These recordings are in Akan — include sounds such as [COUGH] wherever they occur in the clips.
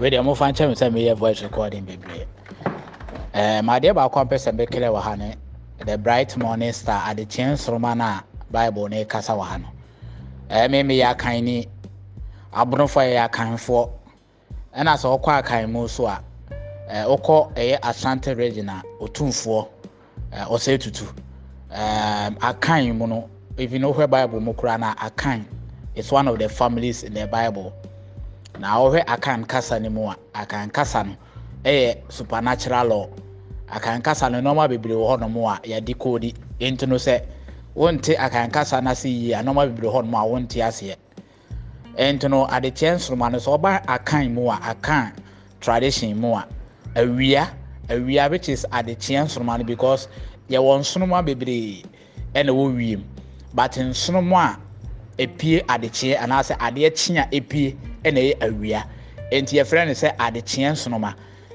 medeɛ mofa nkyɛ me sɛ meyɛ voice recording bebree um, maadeɛ baako mpɛ sɛ mekelɛ wɔ ha ne the bright morning star adekyeɛ nsoroma no bible no ɛkasa wɔ ha no eh, me meyɛ akan ni aborɔfoɔ yɛyɛ akanfoɔ ɛna eh, sɛ wokɔ akan mu so a wokɔ eh, ɛyɛ asante region um, a ɔtumfoɔ ɔsɛ tutu akan mu no even wohwɛ bible mu koraa no akan is one of the families in the bible na wɔhwɛ akankasa no mu a akankasa no yɛ supernatural law akankasa no nneɛma bebree wɔ hɔnom a yɛde koodi nti no sɛ wonte akankasa no ase yie a nneɛma bebree hɔnom a wonte aseɛ nti no adekyɛ nsoroma no sɛ ɔba akan mu a akan tradition mu a awia awia which is adekyɛ nsoroma no because yɛwɔ nsoroma bebree ɛna ɛwɔ wiem but nsoroma a epie adekyɛ anaasɛ adeɛ kye a epie ɛna ɛyɛ awia nti yɛfrɛ no sɛ adekyeɛ nsoroma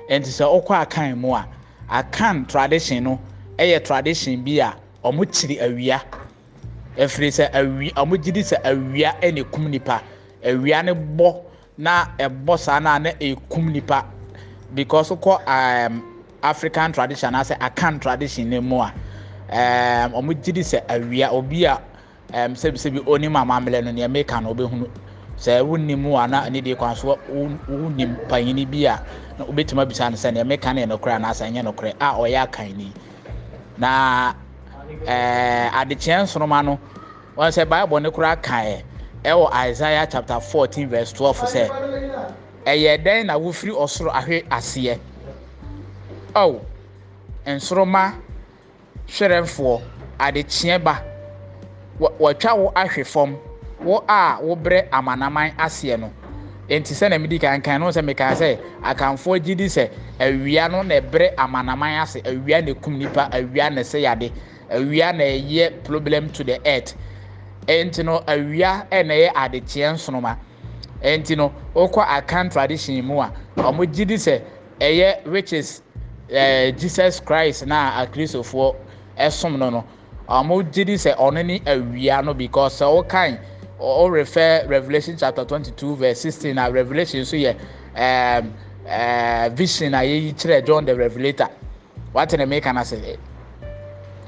nti sɛ wokɔ akan mu a akan tradition no ɛyɛ tradition bi a ɔmo kyiri awia ɛfiri sɛ awia ɔmo gyi di sɛ awia ɛna ekum nipa awia no bɔ na ɛbɔ saa na na ekum nipa because kɔ ɛɛm african tradition anaasɛ akan tradition ne mu a ɛɛm ɔmo gyi di sɛ awia obi a ɛɛm sɛbisɛbi onim amammerɛ no nea meka no ɔbɛhunu. sɛ wonim ana ne deɛ kwan so wonim panyini bi a na wobɛtumi abisa no sɛ neɛ meka ne yɛ nokorɛ anaasɛ ɛnyɛ nokorɛ a ɔyɛ akan ni na ɛɛ eh, adekyeɛ nsoroma no wɔn sɛ baibul ne koraa kaeɛ ɛwɔ isaiah chapter fourteen verse twelve sɛ ɛyɛ dɛn na wofiri ɔsoro ahwɛ aseɛ ɔw nsoroma hwerɛfoɔ adekyeɛ ba wɔtwa wo ahwɛ fam. wo a wobrɛ amanaman aseɛ no nti sɛ na mi di kankan no sɛ mi kan sɛ akanfoɔ gyi di sɛ awia no na ɛbrɛ amanaman ase awia na ekum nipa awia na ɛsɛ yade awia na ɛyɛ problem to the earth nti no awia na ɛyɛ adekyeɛ nsoroma nti no okɔ akan tradition mu a wɔn gyi di sɛ ɛyɛ which is ɛɛ eh, jesus christ na akristofoɔ ɛsom no no wɔn gyi di sɛ ɔno ne awia no because sɛ ɔkan. So, o refer revelation chapter 22 verse 16 na revelation so yɛ um, uh, vision a yɛyi kyerɛ john the revelator wate ne meka na sɛ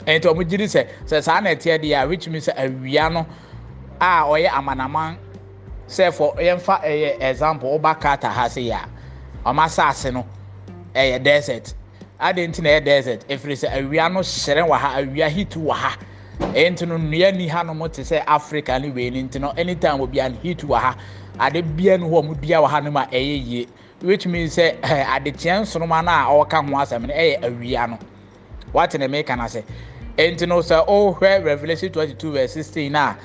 ɛnti wɔn gyiri sɛ sɛ saa na ɛteɛ deɛ a which means eh, awia no a ɔyɛ amanaman sɛ fɔ yɛmfa ɛyɛ example ɔba carter ha se eh, yɛ a ɔmo asaase no ɛyɛ desert adeɛ nti na ɛyɛ eh, desert efiri sɛ awia no hyerɛn wɔ ha awia heat wɔ ha. nti no nnua ni hanom te sɛ africa ne wei ni nti no anytime obi an heat wɔ ha ade bia no hɔ a wɔdua wɔ hanom a ɛyɛ yie which means sɛ [LAUGHS] adekyea nsoroma no a ɔka ho asɛm no ɛyɛ awia no wate ne meka na sɛ nti no sɛ ɔhwɛ revolution twenty two verse sixteen a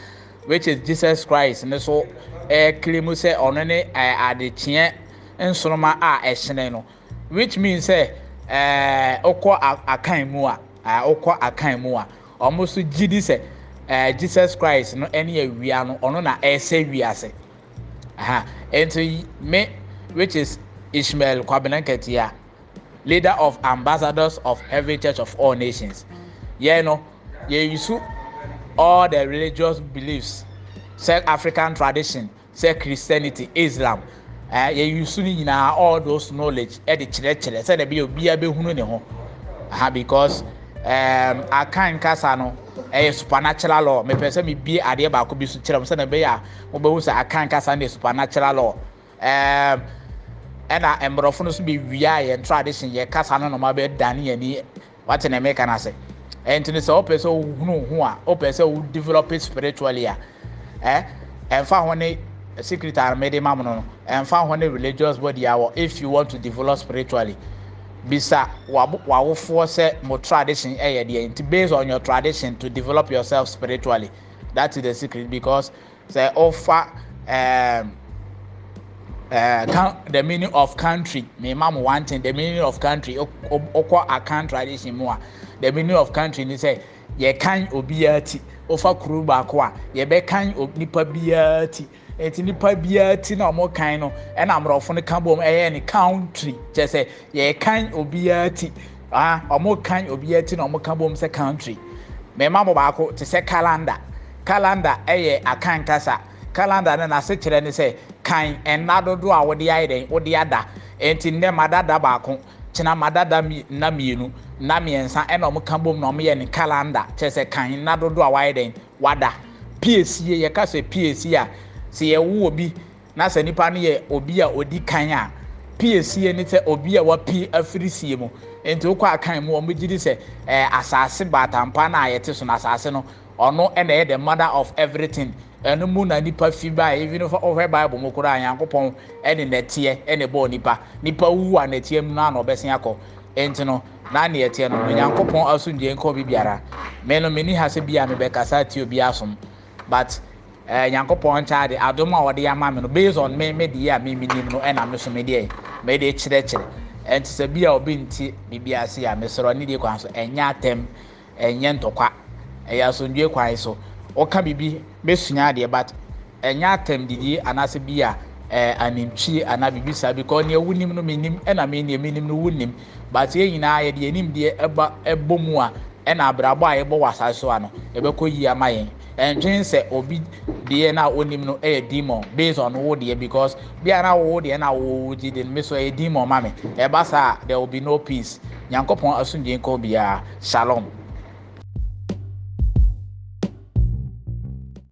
which is jesus christ ne so ɛkiri mu sɛ ɔno ne ɛɛ adekyea nsoroma a ɛhyerɛn no which means sɛ ɛɛ ɔkɔ akan mu a ɛɛ ɔkɔ akan mu a. wɔn nso gyi di sɛ ɛɛ jesus christ no ɛne awia no ɔno na ɛresɛ wiase aha nti me which is ishmael kwabena nketea leader of ambassadors of heaven church of all nations yɛn no yɛ yusu all the religious beliefs sɛ african tradition sɛ christianity islam ɛɛ yɛ yusu ne nyinaa all those knowledge ɛde kyerɛkyerɛ sɛ ɛde bi obiara bɛhunu ne ho aha because. aka nkasa no ɛyɛ supernatural law mepɛ sɛ mebie adeɛ baako bi so kyerɛ m sɛna ɛbɛyɛ a mobɛhu sɛ aka nkasa no yɛ supernatural law ɛna mborɔfo no so bɛwia yɛn kasa no noma bɛdane yɛni wate na meka no ase ɛnti no sɛ wopɛ sɛ wohunu ho a wopɛ sɛ wo develop spiritually a ɛmfa ho ne bisa w'awofoɔ sɛ mo tradition ɛyɛ deɛ nti based on your tradition to develop yourself spiritually that is the secret because sɛ ɔfa um, uh, the meaning of country mi ma mo one thing the meaning of country ɔkɔ akan tradition mu a the meaning of country ni sɛ yɛ kan obiara ti ɔfa kuro baako a yɛ bɛ kan nipa biara ti. ɛti nipa biara ti na ɔmo kan no ɛna aborɔfo no ka bom ɛyɛ ne country kyɛ sɛ yɛkan obiara ti ah ɔmo kan obiara ti na ɔmo ka bom sɛ country mɛma mo baako te sɛ calendar calendar ɛyɛ akan kasa calendar no n'ase kyerɛ ne sɛ kan ɛnna dodoɔ a wɔde ayɛ dɛ wɔde ada ɛnti nnɛ ma dada baako kyena ma dada mi nna mmienu nna mmiɛnsa ɛna ɔmo ka bom na ɔmo yɛ ne calendar kyɛ sɛ kan nna dodoɔ a wɔayɛ dɛ wada piesie yɛka sɛ piesie a. sɛ yɛwo obi na sɛ nipa no yɛ obi a odi kan a pie sie ne sɛ obi a wapie afiri sie mu nti wokɔ akan mu wɔn gyi di sɛ ɛɛ baatampa na yɛte so na asaase no ɔno na ɛyɛ the mother of everything ɛno mu na nipa fi ba even if ɔhwɛ mu ɛne nɛteɛ ɛna nipa nipa wu a nɛteɛ mu na na nti no na no no ɛɛ eh, nyankopɔn nkyɛn de adom a wɔde ama mi no based on me me deɛ a mi mi nim no ɛna mi so mi deɛ mi de kyerɛkyerɛ ɛnti sɛ bi a obi nti bibi ase a mi sɔrɔ ne de kwan so ɛnyɛ atɛm ɛnyɛ ntɔkwa ɛyɛ asomdue kwan so ɔka bibi mesunya adeɛ but ɛnyɛ atɛm didi anaasɛ bi a ɛɛ eh, anantwie anaa bibi saa bi nea ɛwu nim no mi nim ɛna mi nea mi nim no wu nim but yɛn nyinaa yɛde yɛn nim deɛ ɛba ɛbɔ mu a ɛna abrabɔ a yɛbɔ wɔ asaase so ano ɛbɛkɔ yie ama yɛn ɛntwene sɛ obi deɛ na onim no ɛyɛ demon based on wo deɛ because bia na wo deɛ na wo gye de no mi so ɛyɛ demon mami. mi ɛba saa there will be no peace nyankopɔn asundie nkɔ biara shalom.